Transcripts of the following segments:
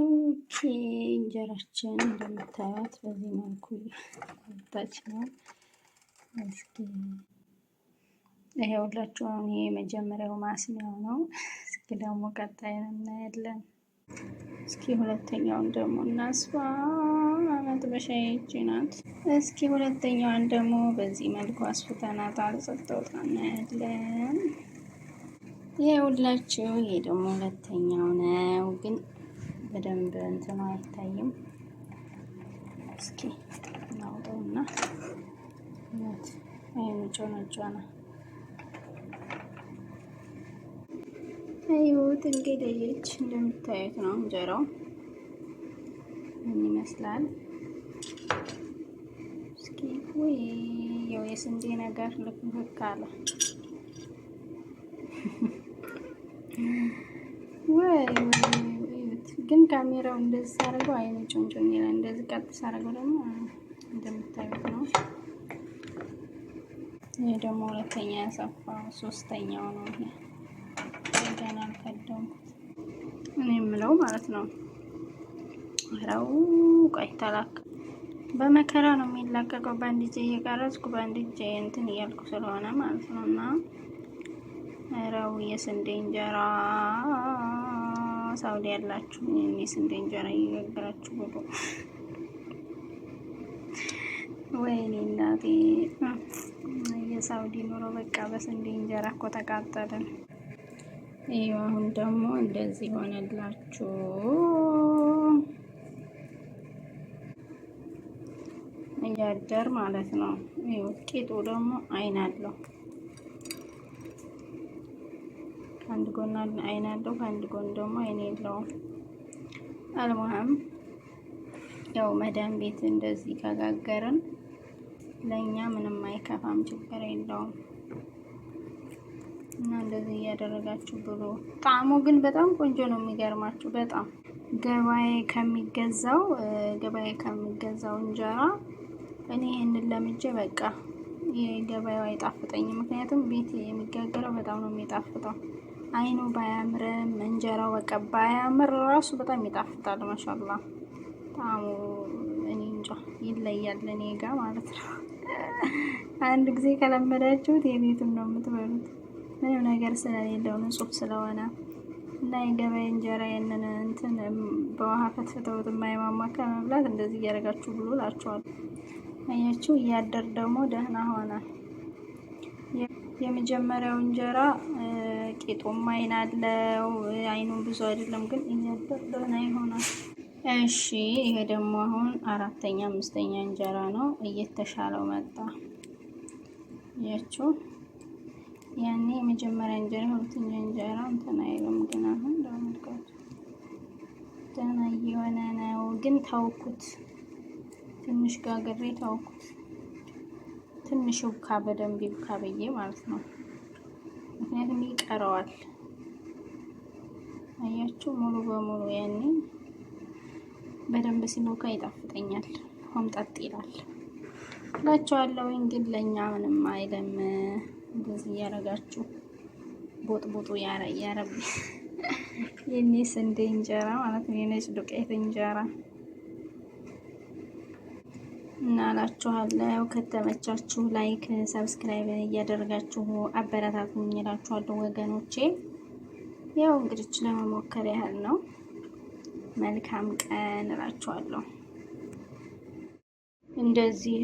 ኦኬ እንጀራችን እንደምታዩት በዚህ መልኩ ወጣች ነው። እስኪ ይሄውላችሁ አሁን ይሄ የመጀመሪያው ማስሚያው ነው። እስኪ ደግሞ ቀጣይ እናያለን። እስኪ ሁለተኛውን ደግሞ እናስፋ። መጥበሻ ይቺ ናት። እስኪ ሁለተኛዋን ደግሞ በዚህ መልኩ አስፍተናት አልጸጠውጣ እናያለን። ይሄውላችሁ ይሄ ደግሞ ሁለተኛው ነው ግን በደንብ እንትኑ አይታይም። እስኪ እናውጠውና ነጭ ነጭ ነው። ይኸውት እንግዲህ እንደምታዩት ነው እንጀራው ምን ይመስላል። እስኪ ወይ ያው የስንዴ ነገር ልክ አለ ወይ ግን ካሜራው እንደዚህ ሳደርገው አይኔ ጮንጮን ይላል። እንደዚህ ቀጥ ሳደርገው ደግሞ እንደምታዩት ነው። ይህ ደግሞ ሁለተኛ ያሰፋው ሶስተኛው ነው። ይሄ ገና አልከደውም እኔ የምለው ማለት ነው። ረው ቆይ ተላክ በመከራ ነው የሚላቀቀው። በአንድ እጄ እየቀረጽኩ በአንድ እጄ እንትን እያልኩ ስለሆነ ማለት ነው እና ረው የስንዴ እንጀራ ሳውዲ ያላችሁ እኔ ስንዴ እንጀራ እየጋገራችሁ ብሎ ወይኔ እናቴ የሳውዲ ኑሮ በቃ በስንዴ እንጀራ እኮ ተቃጠልን። ይህ አሁን ደግሞ እንደዚህ ሆነላችሁ። እያደር ማለት ነው። ቂጡ ደግሞ አይን አለው። አንድ ጎን አይን አለው፣ ከአንድ ጎን ደግሞ አይን የለውም። አልሙሀም ያው መዳን ቤት እንደዚህ ከጋገርን ለእኛ ምንም አይከፋም፣ ችግር የለውም። እና እንደዚህ እያደረጋችሁ ብሎ ጣዕሙ ግን በጣም ቆንጆ ነው። የሚገርማችሁ በጣም ገበያ ከሚገዛው ገበያ ከሚገዛው እንጀራ እኔ ይህንን ለምጄ በቃ የገበያው አይጣፍጠኝም። ምክንያቱም ቤት የሚጋገረው በጣም ነው የሚጣፍጠው። አይኑ ባያምርም እንጀራው በቃ ባያምር ራሱ በጣም ይጣፍጣል። ማሻላ ጣሙ እኔ እንጃ ይለያል፣ እኔ ጋ ማለት ነው። አንድ ጊዜ ከለመዳችሁት የቤቱን ነው የምትበሉት፣ ምንም ነገር ስለሌለው ንጹህ ስለሆነ እና የገበያ እንጀራ ያንን እንትን በውሃ ፈትፍተውት የማይማማ ከመብላት እንደዚህ እያደረጋችሁ ብሎ ላችኋል። አያችሁ፣ እያደር ደግሞ ደህና ሆናል። የመጀመሪያው እንጀራ ቄጦማ አይን አለው። አይኑ ብዙ አይደለም ግን እያደረና ይሆናል። እሺ ይሄ ደግሞ አሁን አራተኛ አምስተኛ እንጀራ ነው። እየተሻለው መጣ ያቸው ያኔ የመጀመሪያ እንጀራ ሁለተኛ እንጀራ እንትን አይልም ግን አሁን ለምልቀት ደህና እየሆነ ነው። ግን ታውኩት ትንሽ ጋግሬ ታውኩት። ትንሽ ውካ በደንብ ውካ ብዬ ማለት ነው። ምክንያቱም ይቀረዋል። አያችሁ ሙሉ በሙሉ ያኔ በደንብ ሲሞካ ይጣፍጠኛል። ሆምጣጥ ይላል ላቸዋለሁ ግን ለእኛ ምንም አይለም። እንደዚህ እያረጋችሁ ቦጥቦጡ ያረብ የኔ ስንዴ እንጀራ ማለት ነው። የነጭ ዱቄት እንጀራ እላችኋለሁ። ከተመቻችሁ ላይክ፣ ሰብስክራይብ እያደረጋችሁ አበረታቱኝ እላችኋለሁ ወገኖቼ። ያው እንግዲህ ለመሞከር ያህል ነው። መልካም ቀን እላችኋለሁ። እንደዚህ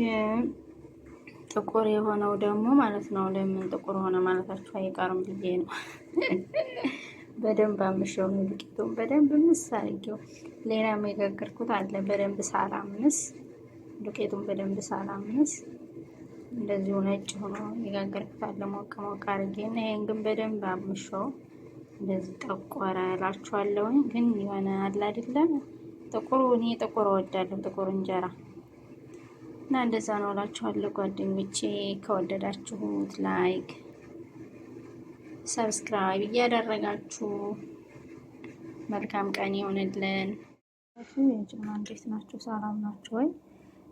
ጥቁር የሆነው ደግሞ ማለት ነው። ለምን ጥቁር ሆነ ማለታችሁ አይቀርም ብዬ ነው። በደንብ አምሸው ነው ዱቄቱን በደንብ ምስ አድርጌው። ሌላም የጋገርኩት አለ በደንብ ሳራ ሳላምስ ዱቄቱን በደንብ ሳላምስ እንደዚሁ ነጭ ሆኖ የጋገርኩታል ሞቅ ሞቅ አድርጌ እና ይህን ግን በደንብ አምሸው እንደዚህ ጠቆረ እላችኋለሁኝ። ግን የሆነ አለ አይደለም ጥቁሩ፣ እኔ ጥቁር እወዳለሁ ጥቁር እንጀራ እና እንደዛ ነው እላችኋለሁ ጓደኞቼ። ከወደዳችሁት ላይክ፣ ሰብስክራይብ እያደረጋችሁ መልካም ቀን ይሆንልን። እንዴት ናቸው? ሰላም ናቸው ወይ?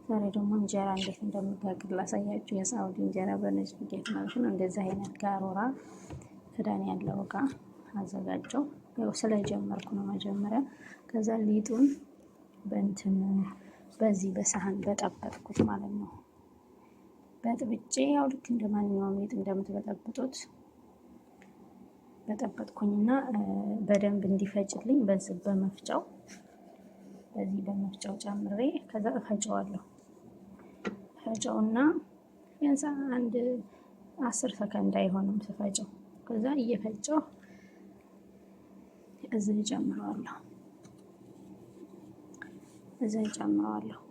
ዛሬ ደግሞ እንጀራ እንዴት እንደምጋግር ላሳያችሁ። የሳውዲ እንጀራ በነጭ ዱቄት ማለት ነው። እንደዚህ አይነት ጋሮራ ክዳን ያለው እቃ አዘጋጀው። ያው ስለጀመርኩ ነው መጀመሪያ። ከዛ ሊጡን በእንትን በዚህ በሳህን በጠበጥኩት ማለት ነው። በጥብጬ ያው ልክ እንደ ማንኛውም ሊጥ እንደምትበጠብጡት በጠበጥኩኝና በደንብ እንዲፈጭልኝ በዚህ በመፍጫው በዚህ በመፍጫው ጨምሬ ከዛ እፈጨዋለሁ። ፈጨውና ቢያንስ አንድ አስር ሰከንድ አይሆንም ስፈጨው። ከዛ እየፈጨው እዝን ጨምረዋለሁ እዝን ጨምረዋለሁ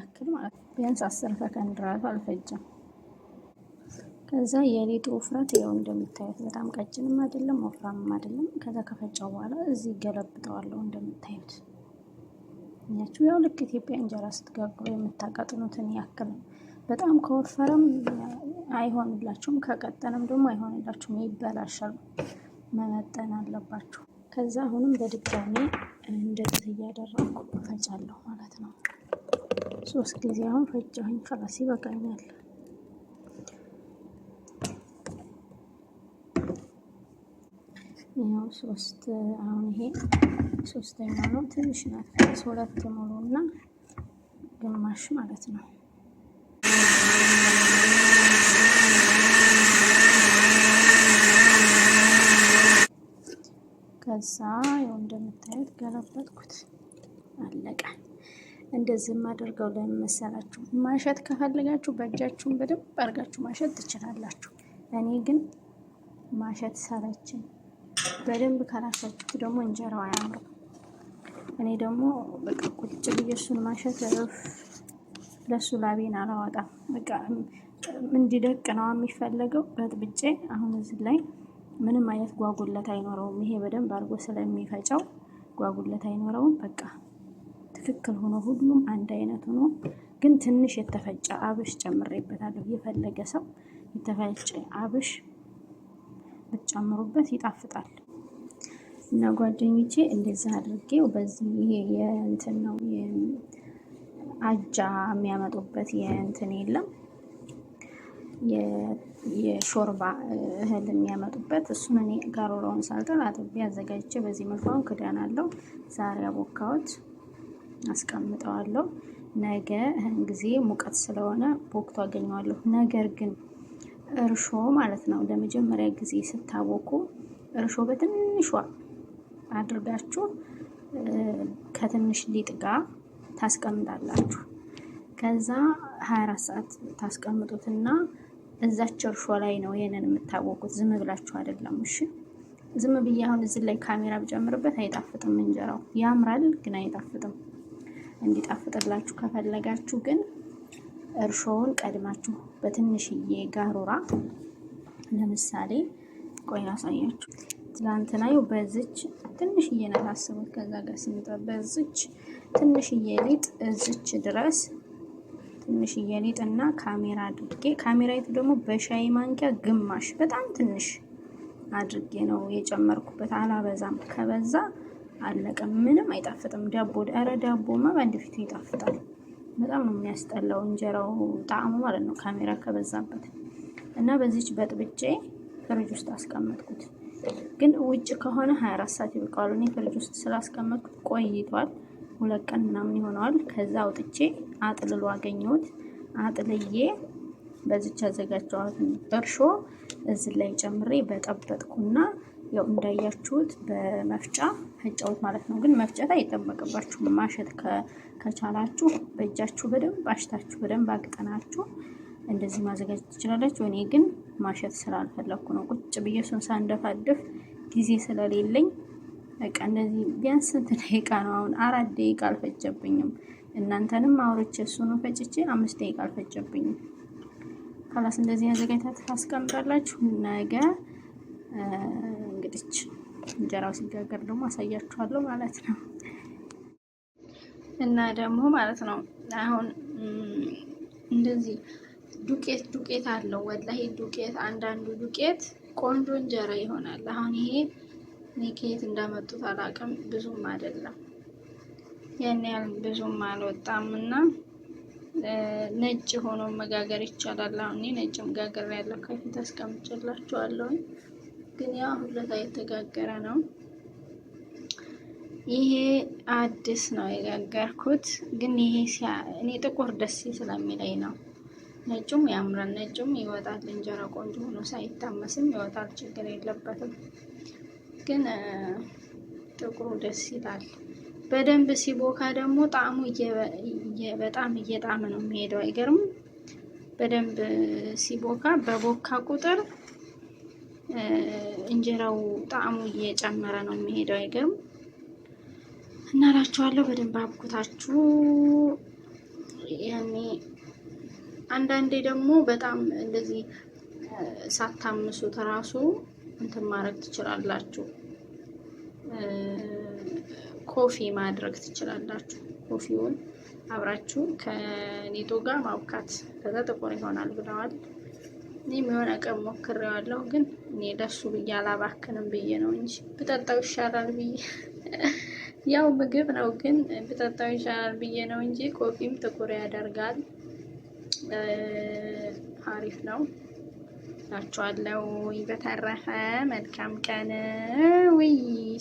ያክል ማለት ነው። ቢያንስ አስር ሰከንድ ራሱ አልፈጀም። ከዛ የሊጡ ውፍረት ይኸው እንደምታዩት በጣም ቀጭንም አይደለም ወፍራምም አይደለም። ከዛ ከፈጨው በኋላ እዚህ ገለብጠዋለሁ እንደምታዩት እኛችሁ ያው ልክ ኢትዮጵያ እንጀራ ስትጋግሩ የምታቀጥኑትን ያክል ነው። በጣም ከወፈረም አይሆንላችሁም፣ ከቀጠነም ደግሞ አይሆንላችሁም፣ ይበላሻል። መመጠን አለባችሁ። ከዛ አሁንም በድጋሚ እንደዚህ እያደረግኩ ፈጫለሁ ማለት ነው። ሶስት ጊዜ አሁን ፈጨሁኝ። ከላስ ይበቃኛል። ያው ሶስት አሁን ይሄ ሶስተኛ ነው። ትንሽ ናት። ሁለት ሙሉ እና ግማሽ ማለት ነው። ከዛ ያው እንደምታዩት ገለበጥኩት፣ አለቀ። እንደዚህ የማደርገው ለምን መሰላችሁ? ማሸት ከፈለጋችሁ በእጃችሁን በደንብ አርጋችሁ ማሸት ትችላላችሁ። እኔ ግን ማሸት ሰለችን። በደንብ ካላሻችሁ ደግሞ እንጀራው አያምርም። እኔ ደግሞ በቃ ቁጭ ብዬ እሱን ማሸት ለሱ ላቤን አላወጣም። በቃ እንዲደቅ ነው የሚፈለገው። በጥብጬ አሁን እዚህ ላይ ምንም አይነት ጓጉለት አይኖረውም። ይሄ በደንብ አድርጎ ስለሚፈጨው ጓጉለት አይኖረውም። በቃ ትክክል ሆኖ ሁሉም አንድ አይነት ሆኖ ግን ትንሽ የተፈጨ አብሽ ጨምሬበታለሁ። የፈለገ ሰው የተፈጨ አብሽ ብትጨምሩበት ይጣፍጣል። እና ጓደኞቼ እንደዛ አድርጌው በዚህ ይሄ የእንትን ነው አጃ የሚያመጡበት የእንትን የለም የሾርባ እህል የሚያመጡበት እሱን እኔ ጋሮሮውን ሳልጥል አጥቤ አዘጋጅቼ በዚህ መልኳን ክዳን አለው ዛሬ አቦካዎት አስቀምጠዋለሁ። ነገ ጊዜ ሙቀት ስለሆነ በወቅቱ አገኘዋለሁ። ነገር ግን እርሾ ማለት ነው ለመጀመሪያ ጊዜ ስታቦኩ እርሾ በትንሿ አድርጋችሁ ከትንሽ ሊጥ ጋር ታስቀምጣላችሁ። ከዛ 24 ሰዓት ታስቀምጡትና እዛች እርሾ ላይ ነው ይሄንን የምታወቁት። ዝም ብላችሁ አይደለም። እሺ ዝም ብዬ አሁን እዚህ ላይ ካሜራ ብጨምርበት አይጣፍጥም እንጀራው። ያምራል ግን አይጣፍጥም። እንዲጣፍጥላችሁ ከፈለጋችሁ ግን እርሾውን ቀድማችሁ በትንሽዬ ጋሩራ ለምሳሌ ቆይ አሳያችሁ። ትላንትና ይኸው በዝች ትንሽዬ ናት አስቡት። ከዛ ጋር ስንጠ በዝች ትንሽዬ ሊጥ እዝች ድረስ ትንሽዬ ሊጥ እና ካሜራ አድርጌ ካሜራ ይቱ ደግሞ በሻይ ማንኪያ ግማሽ በጣም ትንሽ አድርጌ ነው የጨመርኩበት። አላበዛም። ከበዛ አለቀም። ምንም አይጣፍጥም። ዳቦ ኧረ ዳቦማ በአንድ ፊቱ ይጣፍጣል። በጣም ነው የሚያስጠላው እንጀራው ጣዕሙ ማለት ነው፣ ካሜራ ከበዛበት እና በዚች በጥብጬ ፍሪጅ ውስጥ አስቀመጥኩት። ግን ውጭ ከሆነ 24 ሰዓት ይብቃሉ። እኔ ፍሪጅ ውስጥ ስላስቀመጥኩት ቆይቷል። ሁለት ቀን ምናምን ይሆነዋል። ከዛ አውጥቼ አጥልሎ አገኘሁት። አጥልዬ በዚች አዘጋጀኋት። እርሾ እዚህ ላይ ጨምሬ በጠበጥኩና ያው እንዳያችሁት በመፍጫ ፈጫሁት ማለት ነው። ግን መፍጨት አይጠበቅባችሁም። ማሸት ከቻላችሁ በእጃችሁ በደንብ አሽታችሁ በደንብ አግጠናችሁ እንደዚህ ማዘጋጀት ትችላላችሁ። እኔ ግን ማሸት ስላልፈለኩ ነው ቁጭ ብዬ እሱን ሳንደፋድፍ ጊዜ ስለሌለኝ በቃ እንደዚህ ቢያንስ ስንት ደቂቃ ነው? አሁን አራት ደቂቃ አልፈጀብኝም። እናንተንም አውርቼ እሱን ፈጭቼ አምስት ደቂቃ አልፈጀብኝም። ካላስ እንደዚህ አዘጋጅታችሁ ታስቀምጣላችሁ ነገ ሄደች። እንጀራው ሲጋገር ደግሞ አሳያችኋለሁ ማለት ነው። እና ደግሞ ማለት ነው አሁን እንደዚህ ዱቄት ዱቄት አለው ወላሂ ዱቄት፣ አንዳንዱ ዱቄት ቆንጆ እንጀራ ይሆናል። አሁን ይሄ እኔ ከየት እንዳመጡት አላውቅም። ብዙም አይደለም ያን ያህል ብዙም አልወጣም እና ነጭ ሆኖ መጋገር ይቻላል። አሁን እኔ ነጭ መጋገር ያለው ከፊት አስቀምጬላችኋለሁ። ግን ያው አሁን የተጋገረ ነው። ይሄ አዲስ ነው የጋገርኩት። ግን ይሄ እኔ ጥቁር ደስ ስለሚለኝ ነው። ነጩም ያምራል፣ ነጩም ይወጣል። እንጀራ ቆንጆ ሆኖ ሳይታመስም ይወጣል፣ ችግር የለበትም። ግን ጥቁሩ ደስ ይላል። በደንብ ሲቦካ ደግሞ ጣዕሙ በጣም እየጣመ ነው የሚሄደው። አይገርም? በደንብ ሲቦካ በቦካ ቁጥር እንጀራው ጣዕሙ እየጨመረ ነው የሚሄደው። አይገርም እና በደንብ አብኩታችሁ ያኔ አንዳንዴ ደግሞ በጣም እንደዚህ ሳታምሱት ራሱ እንትን ማድረግ ትችላላችሁ። ኮፊ ማድረግ ትችላላችሁ። ኮፊውን አብራችሁ ከኔቶ ጋር ማብካት ከዛ ጥቁር ይሆናል ብለዋል። እኔም የሆነ ቀን ሞክሬዋለሁ፣ ግን እኔ ለሱ ብዬ አላባክንም ብዬ ነው እንጂ ብጠጣው ይሻላል ብዬ ያው ምግብ ነው፣ ግን ብጠጣው ይሻላል ብዬ ነው እንጂ ኮፊም ጥቁር ያደርጋል አሪፍ ነው ላችኋለሁ። በተረፈ መልካም ቀን። ውይ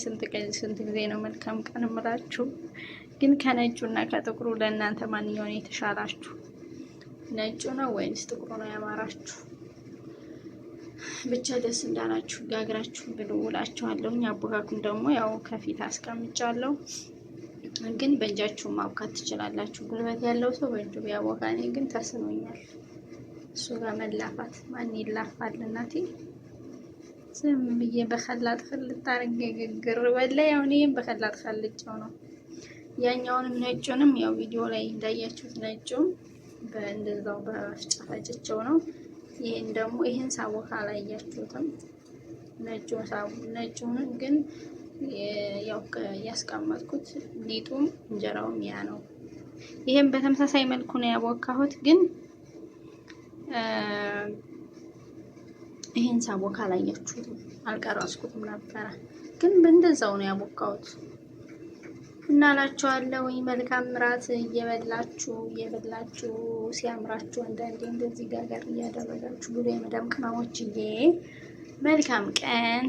ስንት ቀን ስንት ጊዜ ነው መልካም ቀን እምላችሁ። ግን ከነጩ እና ከጥቁሩ ለእናንተ ማንኛውን የተሻላችሁ? ነጩ ነው ወይንስ ጥቁሩ ነው ያማራችሁ? ብቻ ደስ እንዳላችሁ ጋግራችሁ ብሎ እኛ አቦካኩም ደግሞ ያው ከፊት አስቀምጫለሁ፣ ግን በእጃችሁ ማቡካት ትችላላችሁ። ጉልበት ያለው ሰው በእጁ ቢያቦካ፣ እኔ ግን ተስኖኛል። እሱ ጋር መላፋት ማን ይላፋል እናቴ? ዝም ብዬ በከላጥ ክልጥ አድርጌ ግግር በላይ። ያው እኔም በከላጥ ከልጬው ነው ያኛውንም ነጩንም ያው ቪዲዮ ላይ እንዳያችሁት ነጩም በእንደዛው በመፍጫ ነው ይህን ደግሞ ይህን ሳቦካ አላያችሁትም። ነጩን ግን ያው ያስቀመጥኩት ሊጡም እንጀራውም ያ ነው። ይህም በተመሳሳይ መልኩ ነው ያቦካሁት። ግን ይህን ሳቦካ አላያችሁትም፣ አልቀረስኩትም ነበረ። ግን በእንደዛው ነው ያቦካሁት። እና መልካም ምራት እየበላችሁ እየበላችሁ ሲያምራችሁ አንዳንዴ እንደዚህ ጋገር እያደረጋችሁ ብሎ የመዳም ቅመሞችዬ መልካም ቀን